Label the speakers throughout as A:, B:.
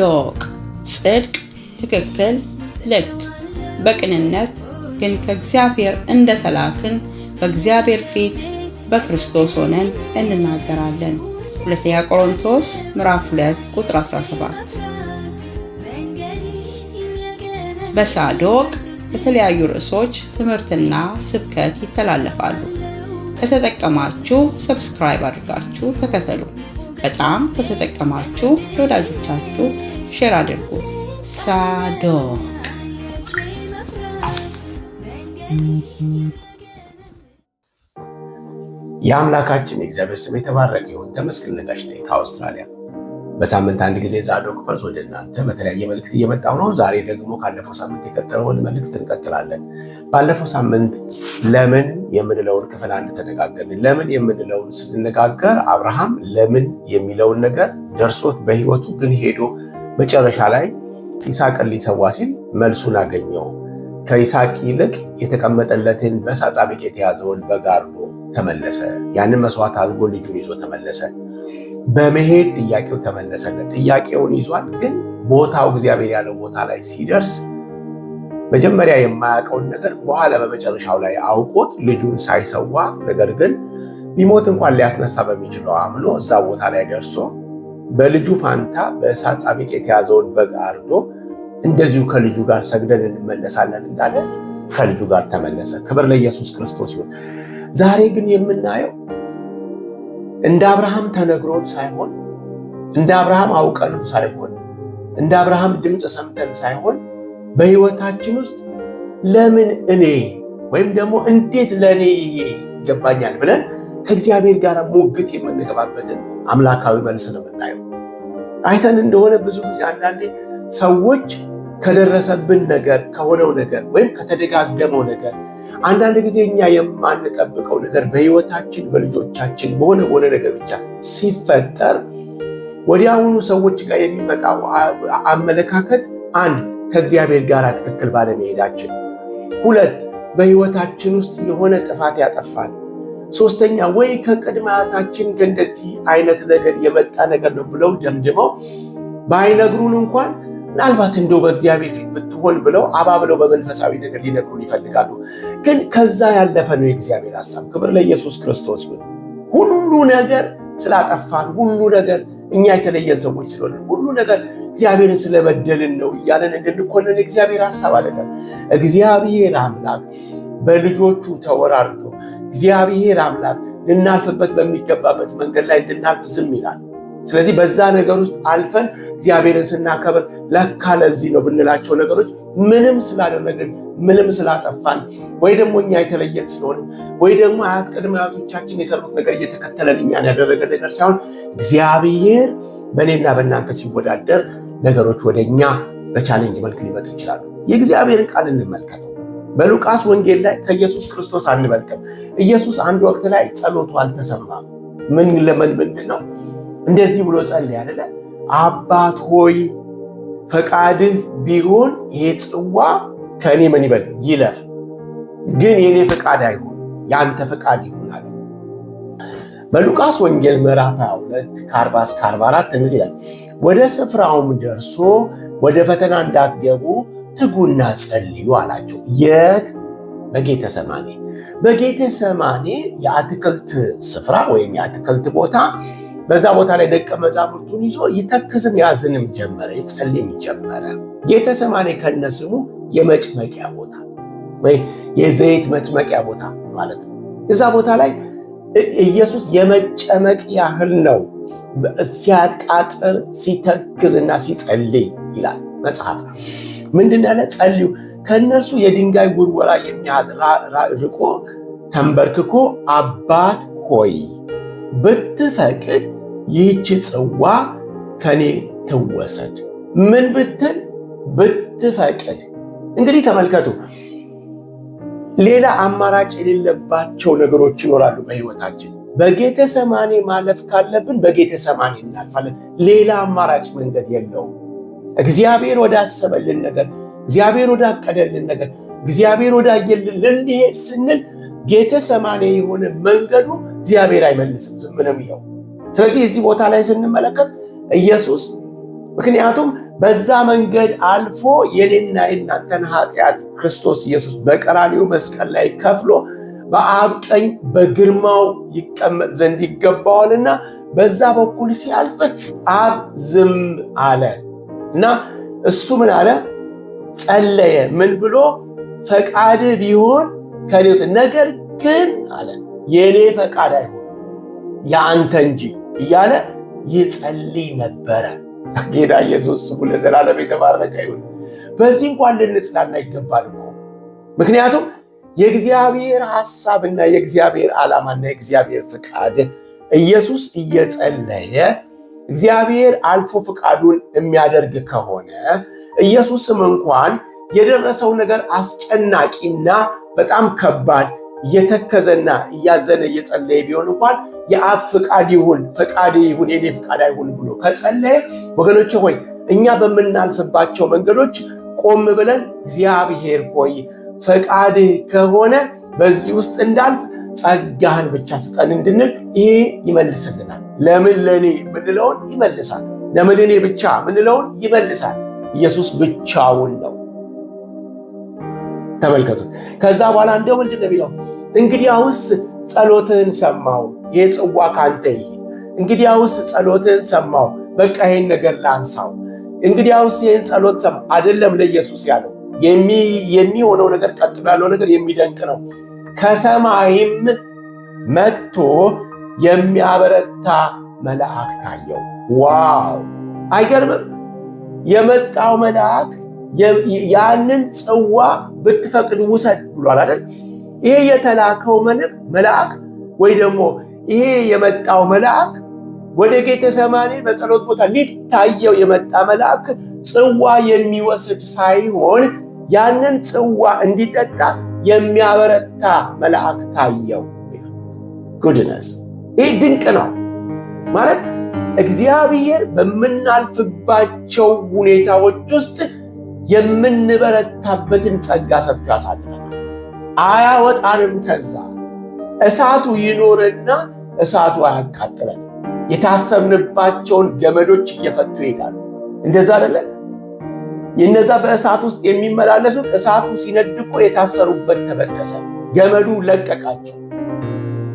A: ዶቅ ጽድቅ፣ ትክክል፣ ልክ በቅንነት ግን ከእግዚአብሔር እንደ ተላክን በእግዚአብሔር ፊት በክርስቶስ ሆነን እንናገራለን። ሁለተኛ ቆሮንቶስ ምዕራፍ 2 ቁጥር 17። በሳዶቅ የተለያዩ ርዕሶች ትምህርትና ስብከት ይተላለፋሉ። ከተጠቀማችሁ ሰብስክራይብ አድርጋችሁ ተከተሉ። በጣም ከተጠቀማችሁ ለወዳጆቻችሁ ሼር አድርጉ። ሳዶቅ
B: የአምላካችን የእግዚአብሔር ስም የተባረከ ይሁን። ተመስገን ነጋሽ ነኝ ከአውስትራሊያ። በሳምንት አንድ ጊዜ ዛዶቅ ፐርስ ወደ እናንተ በተለያየ መልእክት እየመጣው ነው። ዛሬ ደግሞ ካለፈው ሳምንት የቀጠለውን መልእክት እንቀጥላለን። ባለፈው ሳምንት ለምን የምንለውን ክፍል አንድ ተነጋገርን። ለምን የምንለውን ስንነጋገር አብርሃም ለምን የሚለውን ነገር ደርሶት በህይወቱ ግን ሄዶ መጨረሻ ላይ ይስሐቅን ሊሰዋ ሲል መልሱን አገኘው። ከይስሐቅ ይልቅ የተቀመጠለትን በሳጻ ቤቅ የተያዘውን በጋርዶ ተመለሰ። ያንን መስዋዕት አድርጎ ልጁን ይዞ ተመለሰ። በመሄድ ጥያቄው ተመለሰለት። ጥያቄውን ይዟል፣ ግን ቦታው እግዚአብሔር ያለው ቦታ ላይ ሲደርስ መጀመሪያ የማያውቀውን ነገር በኋላ በመጨረሻው ላይ አውቆት ልጁን ሳይሰዋ ነገር ግን ቢሞት እንኳን ሊያስነሳ በሚችለው አምኖ እዛ ቦታ ላይ ደርሶ በልጁ ፋንታ በእሳት ሳቢቅ የተያዘውን በግ አርዶ እንደዚሁ ከልጁ ጋር ሰግደን እንመለሳለን እንዳለ ከልጁ ጋር ተመለሰ። ክብር ለኢየሱስ ክርስቶስ ይሁን። ዛሬ ግን የምናየው እንደ አብርሃም ተነግሮን ሳይሆን እንደ አብርሃም አውቀንም ሳይሆን እንደ አብርሃም ድምፅ ሰምተን ሳይሆን በሕይወታችን ውስጥ ለምን እኔ ወይም ደግሞ እንዴት ለእኔ ይገባኛል ብለን ከእግዚአብሔር ጋር ሙግት የምንገባበትን አምላካዊ መልስ ነው የምናየው። አይተን እንደሆነ ብዙ ጊዜ አንዳንዴ ሰዎች ከደረሰብን ነገር ከሆነው ነገር ወይም ከተደጋገመው ነገር አንዳንድ ጊዜ እኛ የማንጠብቀው ነገር በህይወታችን በልጆቻችን በሆነ በሆነ ነገር ብቻ ሲፈጠር ወዲያውኑ ሰዎች ጋር የሚመጣው አመለካከት አንድ ከእግዚአብሔር ጋር ትክክል ባለመሄዳችን፣ ሁለት በህይወታችን ውስጥ የሆነ ጥፋት ያጠፋል ሶስተኛ ወይ ከቅድመ አያታችን ከእንደዚህ አይነት ነገር የመጣ ነገር ነው ብለው ደምድመው ባይነግሩን እንኳን ምናልባት እንደው በእግዚአብሔር ፊት ብትሆን ብለው አባብለው በመንፈሳዊ ነገር ሊነግሩን ይፈልጋሉ። ግን ከዛ ያለፈ ነው የእግዚአብሔር ሀሳብ። ክብር ለኢየሱስ ክርስቶስ ሁሉ ነገር ስላጠፋን፣ ሁሉ ነገር እኛ የተለየን ሰዎች ስለሆነ፣ ሁሉ ነገር እግዚአብሔርን ስለበደልን ነው እያለን እንድንኮንን እግዚአብሔር ሀሳብ አይደለም። እግዚአብሔር አምላክ በልጆቹ ተወራርዶ እግዚአብሔር አምላክ ልናልፍበት በሚገባበት መንገድ ላይ እንድናልፍ ዝም ይላል። ስለዚህ በዛ ነገር ውስጥ አልፈን እግዚአብሔርን ስናከብር ለካ ለዚህ ነው ብንላቸው ነገሮች ምንም ስላደረግን ምንም ስላጠፋን ወይ ደግሞ እኛ የተለየን ስለሆን ወይ ደግሞ አያት ቅድመ አያቶቻችን የሰሩት ነገር እየተከተለን እኛን ያደረገ ነገር ሳይሆን እግዚአብሔር በእኔና በእናንተ ሲወዳደር ነገሮች ወደ እኛ በቻሌንጅ መልክ ሊመጡ ይችላሉ። የእግዚአብሔርን ቃል እንመልከተው። በሉቃስ ወንጌል ላይ ከኢየሱስ ክርስቶስ አንበልጥም። ኢየሱስ አንድ ወቅት ላይ ጸሎቱ አልተሰማም። ምን ለምን ምንድን ነው እንደዚህ ብሎ ጸልይ አይደለ? አባት ሆይ ፈቃድህ ቢሆን ይሄ ጽዋ ከእኔ ምን ይበል ይለፍ፣ ግን የእኔ ፈቃድ አይሆን የአንተ ፈቃድ ይሆናል። በሉቃስ ወንጌል ምዕራፍ 22 ከ40 እስከ 44 እንደዚህ ይላል። ወደ ስፍራውም ደርሶ ወደ ፈተና እንዳትገቡ ትጉና ጸልዩ አላቸው። የት? በጌተ ሰማኔ። በጌተ ሰማኔ የአትክልት ስፍራ ወይም የአትክልት ቦታ። በዛ ቦታ ላይ ደቀ መዛሙርቱን ይዞ ይተክዝም ያዝንም ጀመረ፣ ይጸልይም ጀመረ። ጌተ ሰማኔ ከነስሙ የመጭመቂያ ቦታ ወይ የዘይት መጭመቂያ ቦታ ማለት ነው። እዛ ቦታ ላይ ኢየሱስ የመጨመቅ ያህል ነው ሲያጣጥር ሲተክዝና ሲጸልይ ይላል መጽሐፍ። ነው። ምንድን ያለ ጸልዩ፣ ከእነሱ የድንጋይ ውርወራ የሚያህል ርቆ ተንበርክኮ አባት ሆይ ብትፈቅድ ይህች ጽዋ ከኔ ትወሰድ። ምን ብትል ብትፈቅድ። እንግዲህ ተመልከቱ፣ ሌላ አማራጭ የሌለባቸው ነገሮች ይኖራሉ በህይወታችን። በጌተሰማኔ ማለፍ ካለብን በጌተሰማኔ እናልፋለን። ሌላ አማራጭ መንገድ የለውም። እግዚአብሔር ወዳሰበልን ነገር፣ እግዚአብሔር ወዳቀደልን ነገር፣ እግዚአብሔር ወዳየልን ልንሄድ ስንል ጌቴሰማኒ የሆነ መንገዱ እግዚአብሔር አይመልስም፣ ዝም ነው የሚለው። ስለዚህ እዚህ ቦታ ላይ ስንመለከት ኢየሱስ ምክንያቱም በዛ መንገድ አልፎ የኔና የናንተን ኃጢአት ክርስቶስ ኢየሱስ በቀራኒው መስቀል ላይ ከፍሎ በአብ ቀኝ በግርማው ይቀመጥ ዘንድ ይገባዋልና በዛ በኩል ሲያልፍ አብ ዝም አለ። እና እሱ ምን አለ ጸለየ። ምን ብሎ ፈቃድ ቢሆን ከኔ ውስጥ ነገር ግን አለ የኔ ፈቃድ አይሆን የአንተ እንጂ እያለ ይጸልይ ነበረ። ጌታ ኢየሱስ ስሙ ለዘላለም የተባረከ ይሁን። በዚህ እንኳን ልንጽናና ይገባል እኮ ምክንያቱም የእግዚአብሔር ሐሳብና የእግዚአብሔር ዓላማና የእግዚአብሔር ፍቃድ ኢየሱስ እየጸለየ እግዚአብሔር አልፎ ፍቃዱን የሚያደርግ ከሆነ ኢየሱስም እንኳን የደረሰው ነገር አስጨናቂና በጣም ከባድ እየተከዘና እያዘነ እየጸለየ ቢሆን እንኳን የአብ ፍቃድ ይሁን ፈቃድ ይሁን የኔ ፍቃድ አይሁን ብሎ ከጸለየ፣ ወገኖች ሆይ እኛ በምናልፍባቸው መንገዶች ቆም ብለን እግዚአብሔር ሆይ ፈቃድህ ከሆነ በዚህ ውስጥ እንዳልፍ ጸጋህን ብቻ ስጠን እንድንል ይሄ ይመልስልናል። ለምን ለእኔ ምንለውን ይመልሳል። ለምን እኔ ብቻ ምንለውን ይመልሳል። ኢየሱስ ብቻውን ነው። ተመልከቱት። ከዛ በኋላ እንደው ምንድን ነው የሚለው? እንግዲያውስ ጸሎትህን ሰማው፣ ይህ ጽዋ ከአንተ ይሂድ። እንግዲያውስ ጸሎትህን ሰማው፣ በቃ ይህን ነገር ላንሳው። እንግዲያውስ ይህን ጸሎት ሰማ አይደለም ለኢየሱስ ያለው የሚሆነው ነገር ቀጥሎ ያለው ነገር የሚደንቅ ነው። ከሰማይም መጥቶ የሚያበረታ መልአክ ታየው። ዋው! አይገርምም? የመጣው መልአክ ያንን ጽዋ ብትፈቅድ ውሰድ ብሏል አይደል? ይሄ የተላከው መልአክ ወይ ደግሞ ይሄ የመጣው መልአክ ወደ ጌቴሰማኒ በጸሎት ቦታ ሊታየው የመጣ መልአክ ጽዋ የሚወስድ ሳይሆን ያንን ጽዋ እንዲጠጣ የሚያበረታ መልአክ ታየው። ጉድነስ ይህ ድንቅ ነው ማለት እግዚአብሔር በምናልፍባቸው ሁኔታዎች ውስጥ የምንበረታበትን ጸጋ ሰጥቶ ያሳልፋል። አያወጣንም። ከዛ እሳቱ ይኖርና እሳቱ አያቃጥለን። የታሰብንባቸውን ገመዶች እየፈቱ ይሄዳሉ። እንደዛ አደለ? የነዛ በእሳት ውስጥ የሚመላለሱት እሳቱ ሲነድቆ የታሰሩበት ተበጠሰ፣ ገመዱ ለቀቃቸው።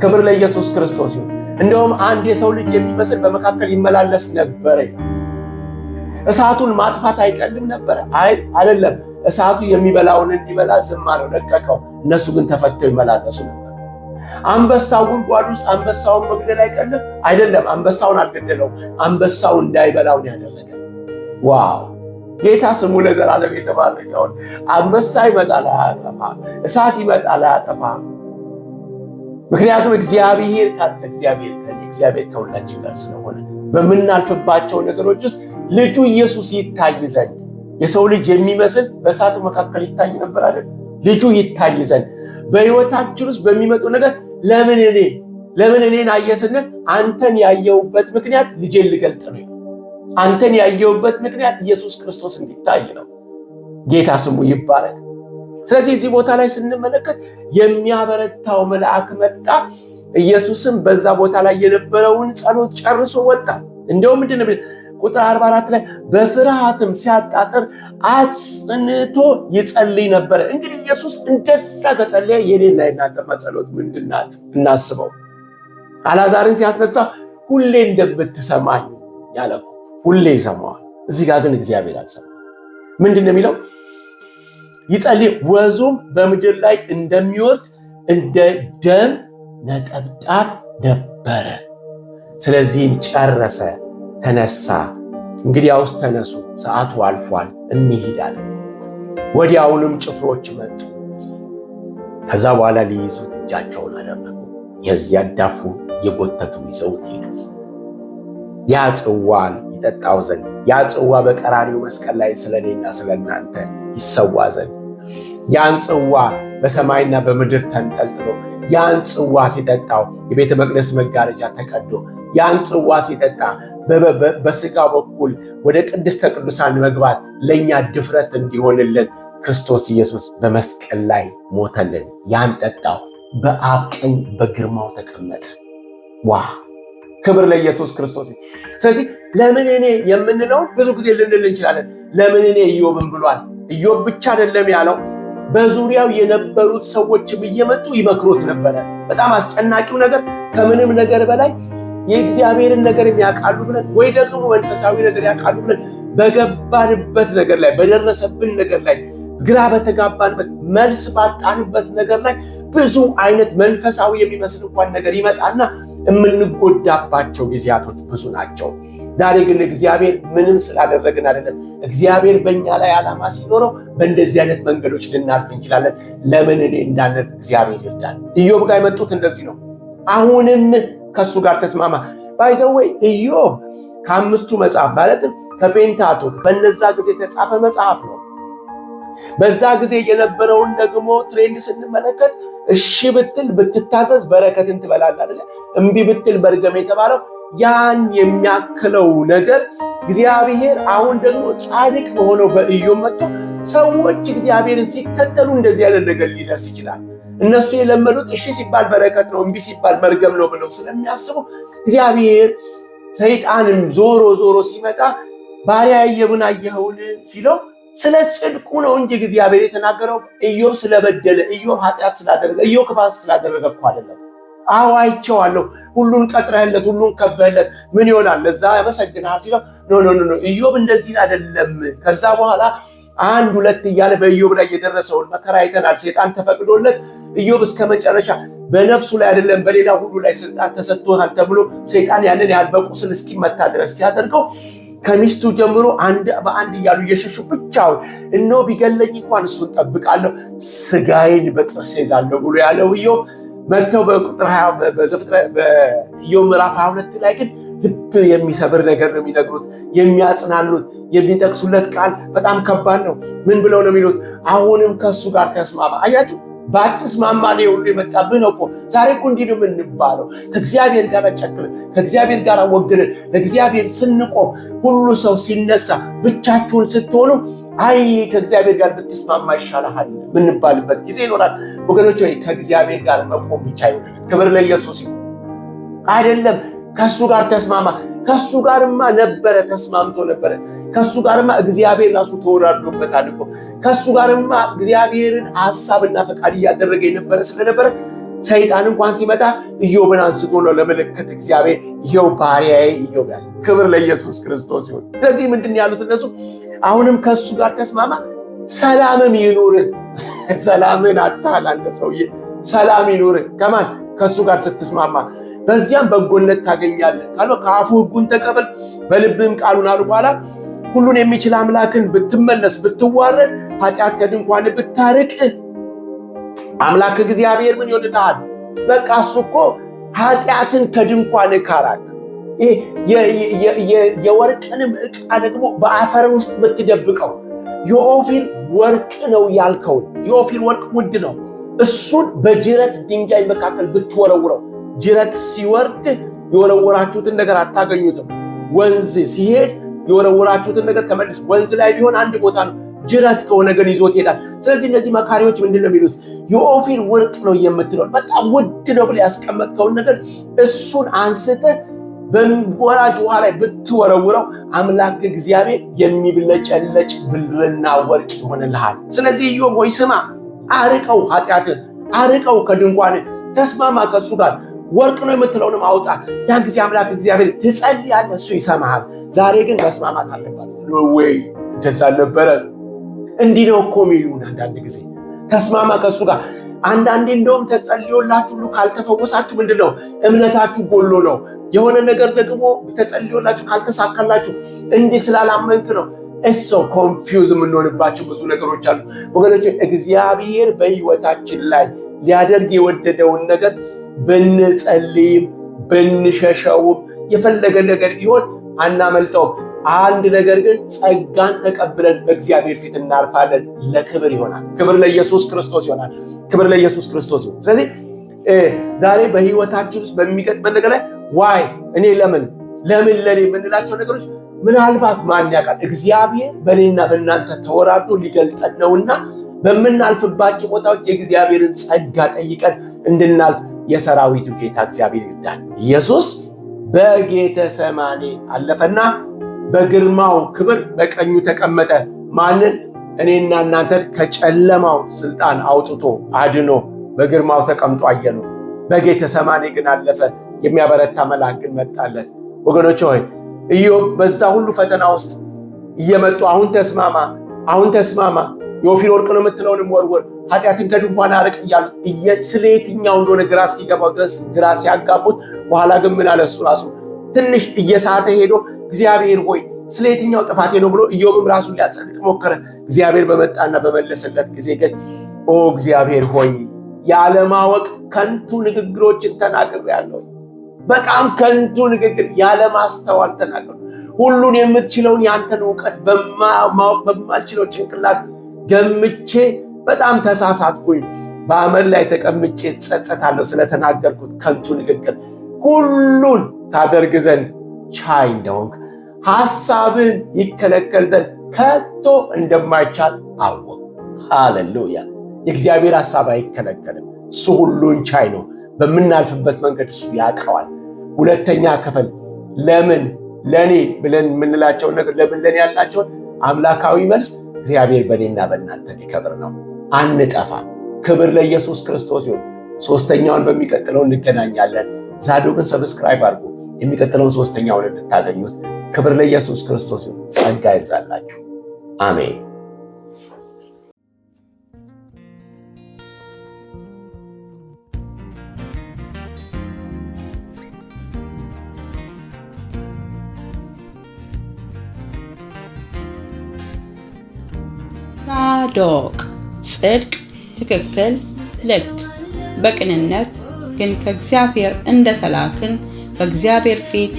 B: ክብር ለኢየሱስ ክርስቶስ ይሁን። እንደውም አንድ የሰው ልጅ የሚመስል በመካከል ይመላለስ ነበረ። እሳቱን ማጥፋት አይቀልም ነበረ? አይ አይደለም። እሳቱ የሚበላውን እንዲበላ ዝም አለው፣ ለቀቀው። እነሱ ግን ተፈተው ይመላለሱ ነበር። አንበሳው ጉድጓድ ውስጥ አንበሳውን መግደል አይቀልም? አይደለም። አንበሳውን አልገደለው፣ አንበሳው እንዳይበላውን ያደረገ ዋው! ጌታ ስሙ ለዘላለም የተባረከውን አንበሳ ይመጣል አያጠፋም፣ እሳት ይመጣል አያጠፋም። ምክንያቱም እግዚአብሔር ካንተ እግዚአብሔር ከእኔ እግዚአብሔር ከሁላችን ጋር ስለሆነ በምናልፍባቸው ነገሮች ውስጥ ልጁ ኢየሱስ ይታይ ዘንድ የሰው ልጅ የሚመስል በእሳቱ መካከል ይታይ ነበር አይደል? ልጁ ይታይ ዘንድ በሕይወታችን ውስጥ በሚመጡ ነገር ለምን እኔ ለምን እኔን አየ ስንል አንተን ያየውበት ምክንያት ልጄን ልገልጥ ነው። አንተን ያየውበት ምክንያት ኢየሱስ ክርስቶስ እንዲታይ ነው። ጌታ ስሙ ይባረክ። ስለዚህ እዚህ ቦታ ላይ ስንመለከት የሚያበረታው መልአክ መጣ። ኢየሱስም በዛ ቦታ ላይ የነበረውን ጸሎት ጨርሶ ወጣ። እንዲሁም ምንድን ቁጥር 44 ላይ በፍርሃትም ሲያጣጥር አጽንቶ ይጸልይ ነበረ። እንግዲህ ኢየሱስ እንደዛ ከጸለየ የኔ ላይ እናንተ መጸሎት ምንድናት? እናስበው። አላዛርን ሲያስነሳ ሁሌ እንደምትሰማኝ ያለ ሁሌ ይሰማዋል። እዚህ ጋር ግን እግዚአብሔር አልሰማ። ምንድን ነው የሚለው? ይጸልይ፣ ወዙም በምድር ላይ እንደሚወርድ እንደ ደም ነጠብጣብ ነበረ። ስለዚህም ጨረሰ፣ ተነሳ። እንግዲያውስ ተነሱ፣ ሰዓቱ አልፏል፣ እንሂዳለን። ወዲያውንም ጭፍሮች መጡ። ከዛ በኋላ ሊይዙት እጃቸውን አደረጉ። የዚያ ዳፉ የጎተቱ ይዘውት ሄዱ። ያ ጽዋን ይጠጣው ዘንድ ያ ጽዋ በቀራኒው መስቀል ላይ ስለኔና ስለእናንተ ይሰዋ ዘንድ ያን ጽዋ በሰማይና በምድር ተንጠልጥሎ ያን ጽዋ ሲጠጣው የቤተ መቅደስ መጋረጃ ተቀዶ ያን ጽዋ ሲጠጣ በስጋ በኩል ወደ ቅድስተ ቅዱሳን መግባት ለእኛ ድፍረት እንዲሆንልን ክርስቶስ ኢየሱስ በመስቀል ላይ ሞተልን። ያን ጠጣው፣ በአብ ቀኝ በግርማው ተቀመጠ። ዋ ክብር ለኢየሱስ ክርስቶስ። ስለዚህ ለምን እኔ የምንለው ብዙ ጊዜ ልንል እንችላለን። ለምን እኔ እዮብን ብሏል። እዮብ ብቻ አይደለም ያለው በዙሪያው የነበሩት ሰዎችም እየመጡ ይመክሮት ነበረ። በጣም አስጨናቂው ነገር ከምንም ነገር በላይ የእግዚአብሔርን ነገር ያውቃሉ ብለን ወይ ደግሞ መንፈሳዊ ነገር ያውቃሉ ብለን በገባንበት ነገር ላይ በደረሰብን ነገር ላይ ግራ በተጋባንበት መልስ ባጣንበት ነገር ላይ ብዙ አይነት መንፈሳዊ የሚመስል እንኳን ነገር ይመጣና የምንጎዳባቸው ጊዜያቶች ብዙ ናቸው። ዛሬ ግን እግዚአብሔር ምንም ስላደረግን አይደለም። እግዚአብሔር በእኛ ላይ ዓላማ ሲኖረው በእንደዚህ አይነት መንገዶች ልናልፍ እንችላለን። ለምን እኔ እንዳነር እግዚአብሔር ይርዳል። እዮብ ጋር የመጡት እንደዚህ ነው። አሁንም ከእሱ ጋር ተስማማ ባይዘወይ እዮብ ከአምስቱ መጽሐፍ ማለትም ከፔንታቱር በነዛ ጊዜ የተጻፈ መጽሐፍ ነው። በዛ ጊዜ የነበረውን ደግሞ ትሬንድ ስንመለከት እሺ ብትል ብትታዘዝ በረከትን አለ እምቢ ብትል በርገም የተባለው ያን የሚያክለው ነገር እግዚአብሔር አሁን ደግሞ ጻድቅ በሆነው በኢዮብ መጥቶ ሰዎች እግዚአብሔርን ሲከተሉ እንደዚህ አይነት ነገር ሊደርስ ይችላል። እነሱ የለመዱት እሺ ሲባል በረከት ነው፣ እምቢ ሲባል መርገም ነው ብለው ስለሚያስቡ እግዚአብሔር ሰይጣንም ዞሮ ዞሮ ሲመጣ ባሪያ ኢዮብን አየኸውን ሲለው ስለ ጽድቁ ነው እንጂ እግዚአብሔር የተናገረው ኢዮብ ስለበደለ፣ ኢዮብ ኃጢአት ስላደረገ፣ ኢዮብ ክፋት ስላደረገ እኮ አይደለም። አዋይቸዋለሁ ሁሉን ቀጥረህለት ሁሉን ከበህለት ምን ይሆናል? ለዛ ያመሰግናል ሲለው ኖ ኖ ኖ ኢዮብ እንደዚህ አይደለም። ከዛ በኋላ አንድ ሁለት እያለ በኢዮብ ላይ የደረሰውን መከራ አይተናል። ሴጣን ተፈቅዶለት ኢዮብ እስከ መጨረሻ በነፍሱ ላይ አይደለም በሌላ ሁሉ ላይ ስልጣን ተሰጥቶሃል ተብሎ ሴጣን ያንን ያህል በቁስል እስኪመታ ድረስ ሲያደርገው ከሚስቱ ጀምሮ አንድ በአንድ እያሉ እየሸሹ ብቻውን እነሆ ቢገለኝ እንኳን እሱን ጠብቃለሁ፣ ስጋዬን በጥርስ ይዛለሁ ብሎ ያለው ኢዮብ መጥተው በቁጥር በኢዮብ ምዕራፍ 22 ላይ ግን ልብ የሚሰብር ነገር ነው የሚነግሩት፣ የሚያጽናኑት፣ የሚጠቅሱለት ቃል በጣም ከባድ ነው። ምን ብለው ነው የሚሉት? አሁንም ከእሱ ጋር ተስማማ። አያችሁ፣ ባትስማማ እኔ ሁሉ የመጣብህ ነው እኮ። ዛሬ እኮ እንዲህ ነው የምንባለው። ከእግዚአብሔር ጋር ጨክነን፣ ከእግዚአብሔር ጋር ወግነን፣ ለእግዚአብሔር ስንቆም፣ ሁሉ ሰው ሲነሳ፣ ብቻችሁን ስትሆኑ አይ ከእግዚአብሔር ጋር ብትስማማ ይሻልሃል የምንባልበት ጊዜ ይኖራል። ወገኖች ወይ ከእግዚአብሔር ጋር መቆም ብቻ ይሆናል። ክብር ለኢየሱስ ይሁን። አይደለም ከእሱ ጋር ተስማማ። ከሱ ጋርማ ነበረ ተስማምቶ ነበረ። ከሱ ጋርማ እግዚአብሔር ራሱ ተወዳድሮበታል እኮ ከሱ ጋርማ እግዚአብሔርን ሀሳብና ፈቃድ እያደረገ የነበረ ስለነበረ ሰይጣን እንኳን ሲመጣ ኢዮብን አንስቶ ነው ለምልክት እግዚአብሔር ይኸው ባሪያዬ ኢዮብ ያለ። ክብር ለኢየሱስ ክርስቶስ ይሁን። ስለዚህ ምንድን ያሉት እነሱ አሁንም ከእሱ ጋር ተስማማ፣ ሰላምም ይኑርህ። ሰላምን አታህል አንተ ሰውዬ፣ ሰላም ይኑርህ። ከማን ከእሱ ጋር ስትስማማ በዚያም በጎነት ታገኛለህ ካለ ከአፉ ህጉን ተቀበል በልብም ቃሉን አሉ በኋላ ሁሉን የሚችል አምላክን ብትመለስ ብትዋረድ ኃጢአት ከድንኳን ብታርቅህ
A: አምላክ እግዚአብሔር
B: ምን ይወድልሃል? በቃ እሱ እኮ ኃጢአትን ከድንኳን ካራቅ የወርቅንም ዕቃ ደግሞ በአፈር ውስጥ ብትደብቀው የኦፊር ወርቅ ነው ያልከውን የኦፊር ወርቅ ውድ ነው። እሱን በጅረት ድንጋይ መካከል ብትወረውረው ጅረት ሲወርድ የወረወራችሁትን ነገር አታገኙትም። ወንዝ ሲሄድ የወረወራችሁትን ነገር ተመልስ። ወንዝ ላይ ቢሆን አንድ ቦታ ነው ጅረት ከሆነ ግን ይዞት ይሄዳል። ስለዚህ እነዚህ መካሪዎች ምንድን ነው የሚሉት? የኦፊር ወርቅ ነው የምትለው በጣም ውድ ነው ብለህ ያስቀመጥከውን ነገር እሱን አንስተህ በወራጅ ውሃ ላይ ብትወረውረው አምላክ እግዚአብሔር የሚብለጨለጭ ብርና ወርቅ ይሆንልሃል። ስለዚህ ኢዮብ ሆይ ስማ፣ አርቀው ኃጢአትን፣ አርቀው ከድንኳን ተስማማ ከሱ ጋር ወርቅ ነው የምትለውንም አውጣ። ያን ጊዜ አምላክ እግዚአብሔር ትጸልያለህ፣ እሱ ይሰማሃል። ዛሬ ግን መስማማት አለባት ወይ እንደዛ አልነበረ እንዲህ ነው እኮ የሚሉን አንዳንድ ጊዜ ተስማማ ከሱ ጋር። አንዳንዴ እንደውም ተጸልዮላችሁ ሁሉ ካልተፈወሳችሁ ምንድን ነው እምነታችሁ ጎሎ ነው። የሆነ ነገር ደግሞ ተጸልዮላችሁ ካልተሳካላችሁ እንዲህ ስላላመንክ ነው። እሶ ኮንፊውዝ የምንሆንባቸው ብዙ ነገሮች አሉ ወገኖች። እግዚአብሔር በህይወታችን ላይ ሊያደርግ የወደደውን ነገር ብንጸልይም ብንሸሸውም የፈለገ ነገር ቢሆን አናመልጠውም። አንድ ነገር ግን ጸጋን ተቀብለን በእግዚአብሔር ፊት እናርፋለን። ለክብር ይሆናል። ክብር ለኢየሱስ ክርስቶስ ይሆናል። ክብር ለኢየሱስ ክርስቶስ ይሆናል። ስለዚህ ዛሬ በህይወታችን ውስጥ በሚገጥመን ነገር ላይ ዋይ እኔ ለምን ለምን ለኔ የምንላቸው ነገሮች ምናልባት ማን ያውቃል እግዚአብሔር በእኔና በእናንተ ተወራዶ ሊገልጠን ነውና በምናልፍባቸው ቦታዎች የእግዚአብሔርን ጸጋ ጠይቀን እንድናልፍ የሰራዊቱ ጌታ እግዚአብሔር ይርዳል። ኢየሱስ በጌተ ሰማኔ አለፈና በግርማው ክብር በቀኙ ተቀመጠ። ማንን? እኔና እናንተን ከጨለማው ስልጣን አውጥቶ አድኖ በግርማው ተቀምጦ አየነው። በጌተ ሰማኔ ግን አለፈ፣ የሚያበረታ መልአክ ግን መጣለት። ወገኖች ሆይ ኢዮብ በዛ ሁሉ ፈተና ውስጥ እየመጡ አሁን ተስማማ፣ አሁን ተስማማ፣ የኦፊር ወርቅ ነው የምትለውንም ወርወር፣ ኃጢአትን ከድንኳን አርቅ እያሉ ስለ የትኛው እንደሆነ ግራ እስኪገባው ድረስ ግራ ሲያጋቡት፣ በኋላ ግን ምን አለ እሱ ራሱ ትንሽ እየሳተ ሄዶ እግዚአብሔር ሆይ ስለ የትኛው ጥፋቴ ነው ብሎ ኢዮብም ራሱን ሊያጸድቅ ሞከረ። እግዚአብሔር በመጣና በመለሰለት ጊዜ ግን ኦ እግዚአብሔር ሆይ ያለማወቅ ከንቱ ንግግሮችን ተናግሬያለሁ። በጣም ከንቱ ንግግር ያለማስተዋል ተናገሩ ሁሉን የምትችለውን ያንተን እውቀት ማወቅ በማልችለው ጭንቅላት ገምቼ በጣም ተሳሳትኩኝ። በአመድ ላይ ተቀምጬ ጸጸታለሁ ስለተናገርኩት ከንቱ ንግግር ሁሉን ታደርግ ዘንድ ቻይ እንደሆንክ ሐሳብን ይከለከል ዘንድ ከቶ እንደማይቻል አወቅ። ሃሌሉያ! የእግዚአብሔር ሐሳብ አይከለከልም። እሱ ሁሉን ቻይ ነው። በምናልፍበት መንገድ እሱ ያውቀዋል። ሁለተኛ ክፍል ለምን ለእኔ ብለን የምንላቸውን ነገር ለምን ለእኔ ያላቸውን አምላካዊ መልስ እግዚአብሔር በእኔና በእናንተ ሊከብር ነው። አንጠፋ። ክብር ለኢየሱስ ክርስቶስ ይሁን። ሶስተኛውን በሚቀጥለው እንገናኛለን። ዛዶ ግን ሰብስክራይብ አድርጉ። የሚቀጥለውን ሶስተኛውን እንድታገኙት ክብር ለኢየሱስ ክርስቶስ ጸጋ ይብዛላችሁ። አሜን።
A: ዶቅ ጽድቅ፣ ትክክል፣ ልክ፣ በቅንነት ግን ከእግዚአብሔር እንደ ሰላክን በእግዚአብሔር ፊት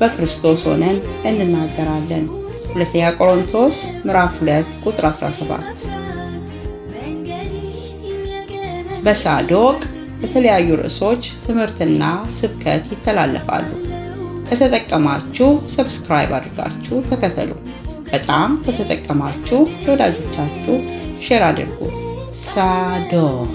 A: በክርስቶስ ሆነን እንናገራለን። ሁለተኛ ቆሮንቶስ ምዕራፍ 2 ቁጥር 17። በሳዶቅ የተለያዩ ርዕሶች ትምህርትና ስብከት ይተላለፋሉ። ከተጠቀማችሁ ሰብስክራይብ አድርጋችሁ ተከተሉ። በጣም ከተጠቀማችሁ ለወዳጆቻችሁ ሼር አድርጉት። ሳዶቅ